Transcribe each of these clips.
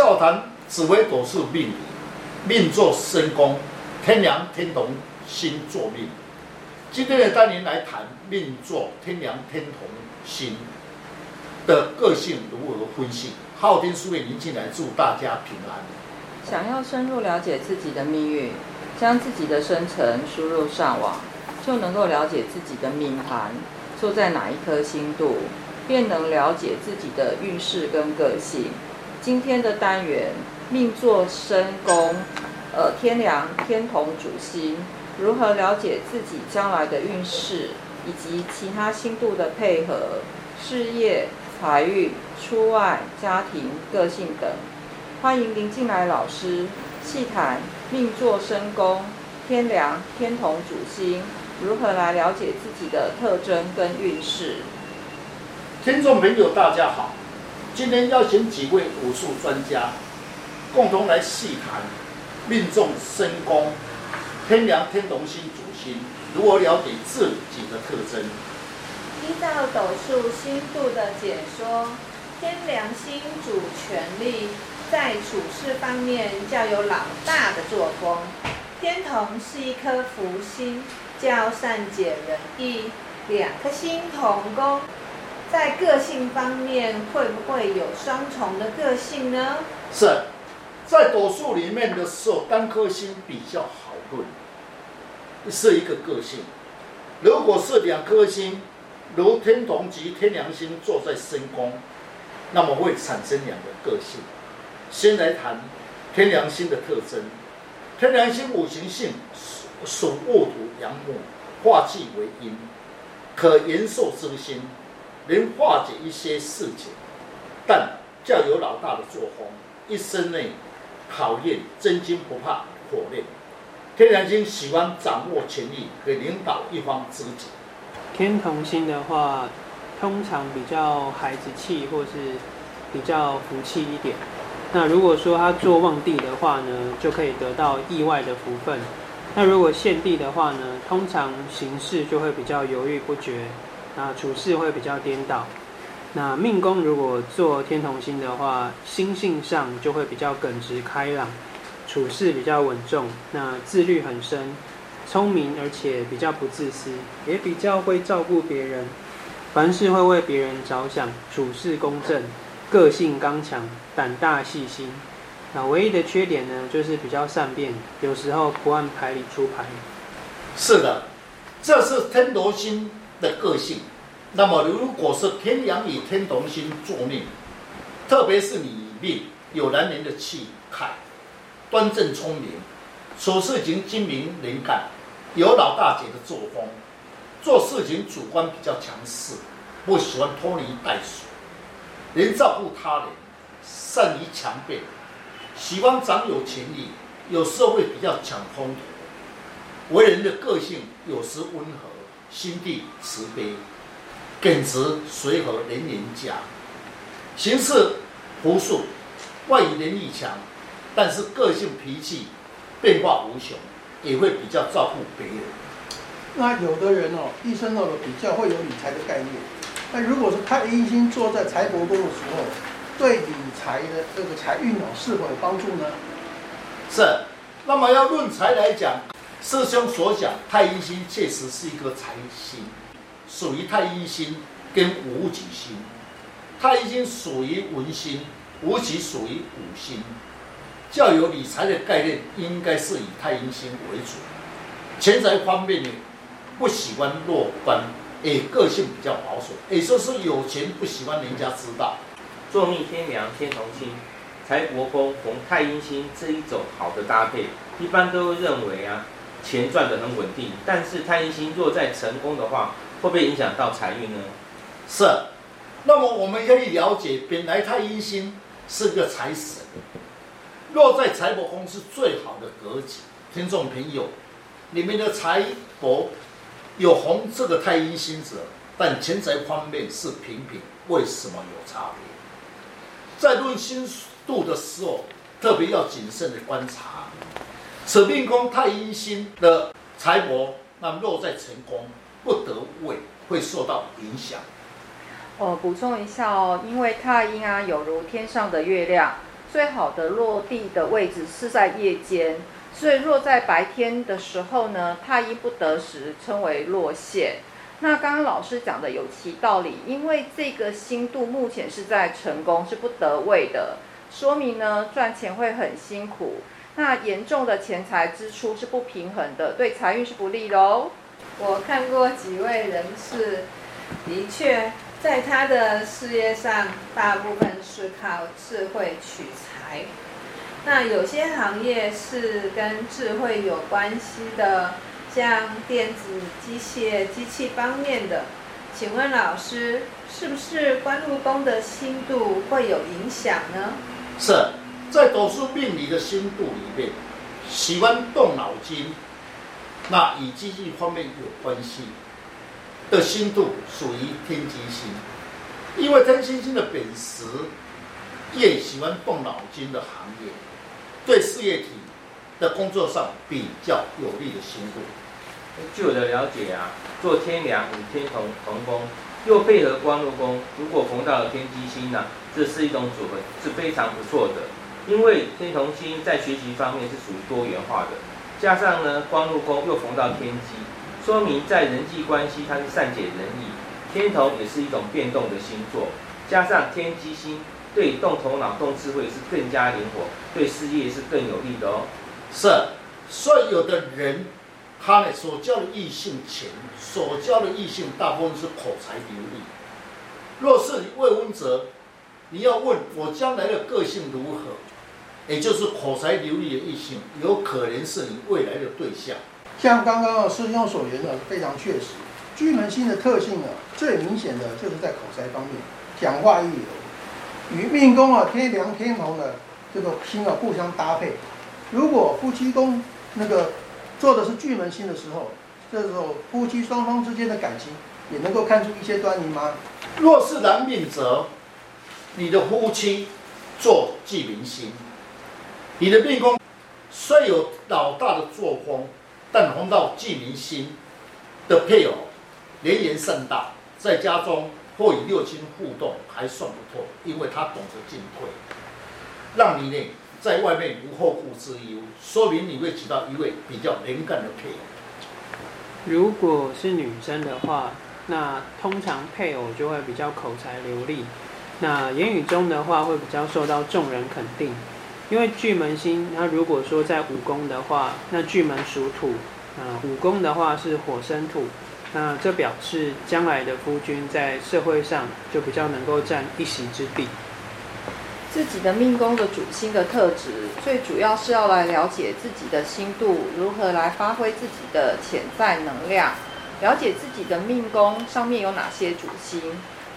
笑談紫微斗數命，命坐申宮，天梁天同星坐命。今天的單元來談命坐天梁天同星的個性如何分析。昊天書院林進來祝大家平安。想要深入了解自己的命運，將自己的生辰輸入上網，就能夠了解自己的命盤，坐在哪一顆星度，便能了解自己的運勢跟個性。今天的單元，命坐、申宮，呃天梁、天同主星，如何了解自己將來的運勢，以及其他星度的配合，事業、財運、出外、家庭、個性等。歡迎林進來老師細談命坐、申宮、天梁、天同主星，如何來了解自己的特徵跟運勢。聽眾朋友，大家好。今天邀請幾位武術專家，共同來細談命中申宮天梁天同星主星，如何了解自己的特徵。聽到斗數星度的解說，天梁星主權力，在處事方面較有老大的作風。天同是一顆福星，較善解人意。兩顆星同宮在個性方面，會不會有雙重的個性呢？是在斗數裡面的時候，單顆星比較好論，是一個個性。如果是兩顆星，如天同及天梁星坐在申宮，那麼會產生兩個個性。先來談天梁星的特徵。天梁星五行性屬屬戊土陽土，化氣為陰，可延壽之星。能化解一些事情，但較有老大的作風，一生內考驗真金不怕火煉。天梁星喜歡掌握權力，可以領導一方知己。天同星的話，通常比較孩子氣，或是比較福氣一點。那如果說他做旺地的話呢，就可以得到意外的福分。那如果陷地的話呢，通常行事就會比較猶豫不決。那處事會比較顛倒，那命宮如果做天同星的話，心性上就會比較耿直開朗，處事比較穩重，那自律很深，聰明而且比較不自私，也比較會照顧別人，凡事會為別人着想，處事公正，個性剛強，膽大細心。那唯一的缺點呢，就是比較善變，有時候不按牌理出牌。是的，這是天羅星。的個性，那麼如果是天梁與天同星坐命，特別是女命有男人的氣派，端正聰明，處事情精明能幹，有老大姐的作風，做事情主觀比較強勢，不喜歡拖泥帶水，人照顧他人，善於強辯，喜歡掌有權力，有時會比較搶風頭，為人的個性有時溫和，心地慈悲，耿直隨和人人，人緣佳，行事樸素，外語能力強，但是個性脾氣變化無窮，也會比較照顧別人。那有的人哦、喔，一生哦、喔、比較會有理財的概念。那如果說他一心坐在財帛宮的時候，對理財的這個財運哦是否有幫助呢？是。那麼要論財來講。師兄所講，太陰星確實是一個財星，屬於太陰星跟武曲星。太陰星屬於文星，武曲屬於武星。較有理財的概念，應該是以太陰星為主。錢財方面，呢，不喜歡落觀，誒，個性比較保守，誒，說是有錢不喜歡人家知道。坐命天梁天同星財帛宮同太陰星，這一種好的搭配，一般都認為啊。錢賺得很穩定，但是太陰星若在成功的話，會不會影響到財運呢？是。那麼我們可以了解，本來太陰星是一個財神，若在財帛宮是最好的格局。聽眾朋友，裡面的財帛有紅色的太陰星者，但錢財方面是平平，為什麼有差別？在論星度的時候，特別要謹慎的觀察。此命宮太陰星的財帛，那落在成功不得位，會受到影響。我補、哦、充一下哦，因為太陰啊，有如天上的月亮，最好的落地的位置是在夜間，所以若在白天的時候呢，太陰不得時，稱為落陷。那剛剛老師講的有其道理，因為這個星度目前是在成功，是不得位的，說明呢，賺錢會很辛苦。那嚴重的錢財支出是不平衡的，對財運是不利的哦。我看過幾位人士，的確在他的事業上，大部分是靠智慧取財。那有些行業是跟智慧有關係的，像電子、機械、機器方面的。請問老師，是不是官祿宮的星度會有影響呢？是。在斗數命理的星座裡面，喜歡動腦筋，那與機器方面有關係的星座屬於天機星，因為天機星，星的本實，也喜歡動腦筋的行業，對事業體的工作上比較有利的星座。據我的了解啊，做天梁與天同同宮，又配合官祿宮，如果逢到了天機星呢、啊，這是一種組合是非常不錯的。因為天同星在學習方面是屬於多元化的，加上呢，官祿宮又逢到天機，說明在人際關係，它是善解人意。天同也是一種變動的星座，加上天機星對動頭腦、動智慧是更加靈活，對事業是更有利的哦。是，所以有的人他呢所交的異性錢，所交的異性大部分是口才流利。若是魏溫澤。你要問我將來的個性如何，也就是口才流利的異性，有可能是你未來的對象。像剛剛的師兄所言的非常確實。巨門星的特性啊，最明顯的就是在口才方面，講話一流，與命宮啊天梁、天同的這個星啊互相搭配。如果夫妻宮那個做的是巨門星的時候，這時候夫妻雙方之間的感情，也能夠看出一些端倪嗎？若是男命則。你的夫妻做巨門星，你的命宮雖有老大的作風，但碰到巨門星的配偶，能言善道，在家中或與六親互動還算不錯，因為他懂得進退，讓你呢在外面無後顧之憂，說明你會娶到一位比較能幹的配偶。如果是女生的話，那通常配偶就會比較口才流利。那言語中的話會比較受到眾人肯定，因為巨門星，他如果說在午宮的話，那巨門屬土，呃，午宮的話是火生土，那這表示將來的夫君在社會上就比較能夠占一席之地。自己的命宮的主星的特質，最主要是要來了解自己的心度，如何來發揮自己的潛在能量，了解自己的命宮上面有哪些主星。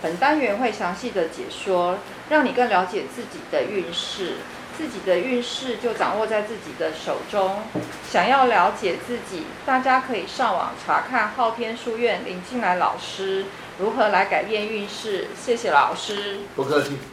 本單元會詳細的解說，讓你更了解自己的運勢。自己的運勢就掌握在自己的手中。想要了解自己，大家可以上網查看昊天書院林進來老師如何來改變運勢。謝謝老師。不客氣。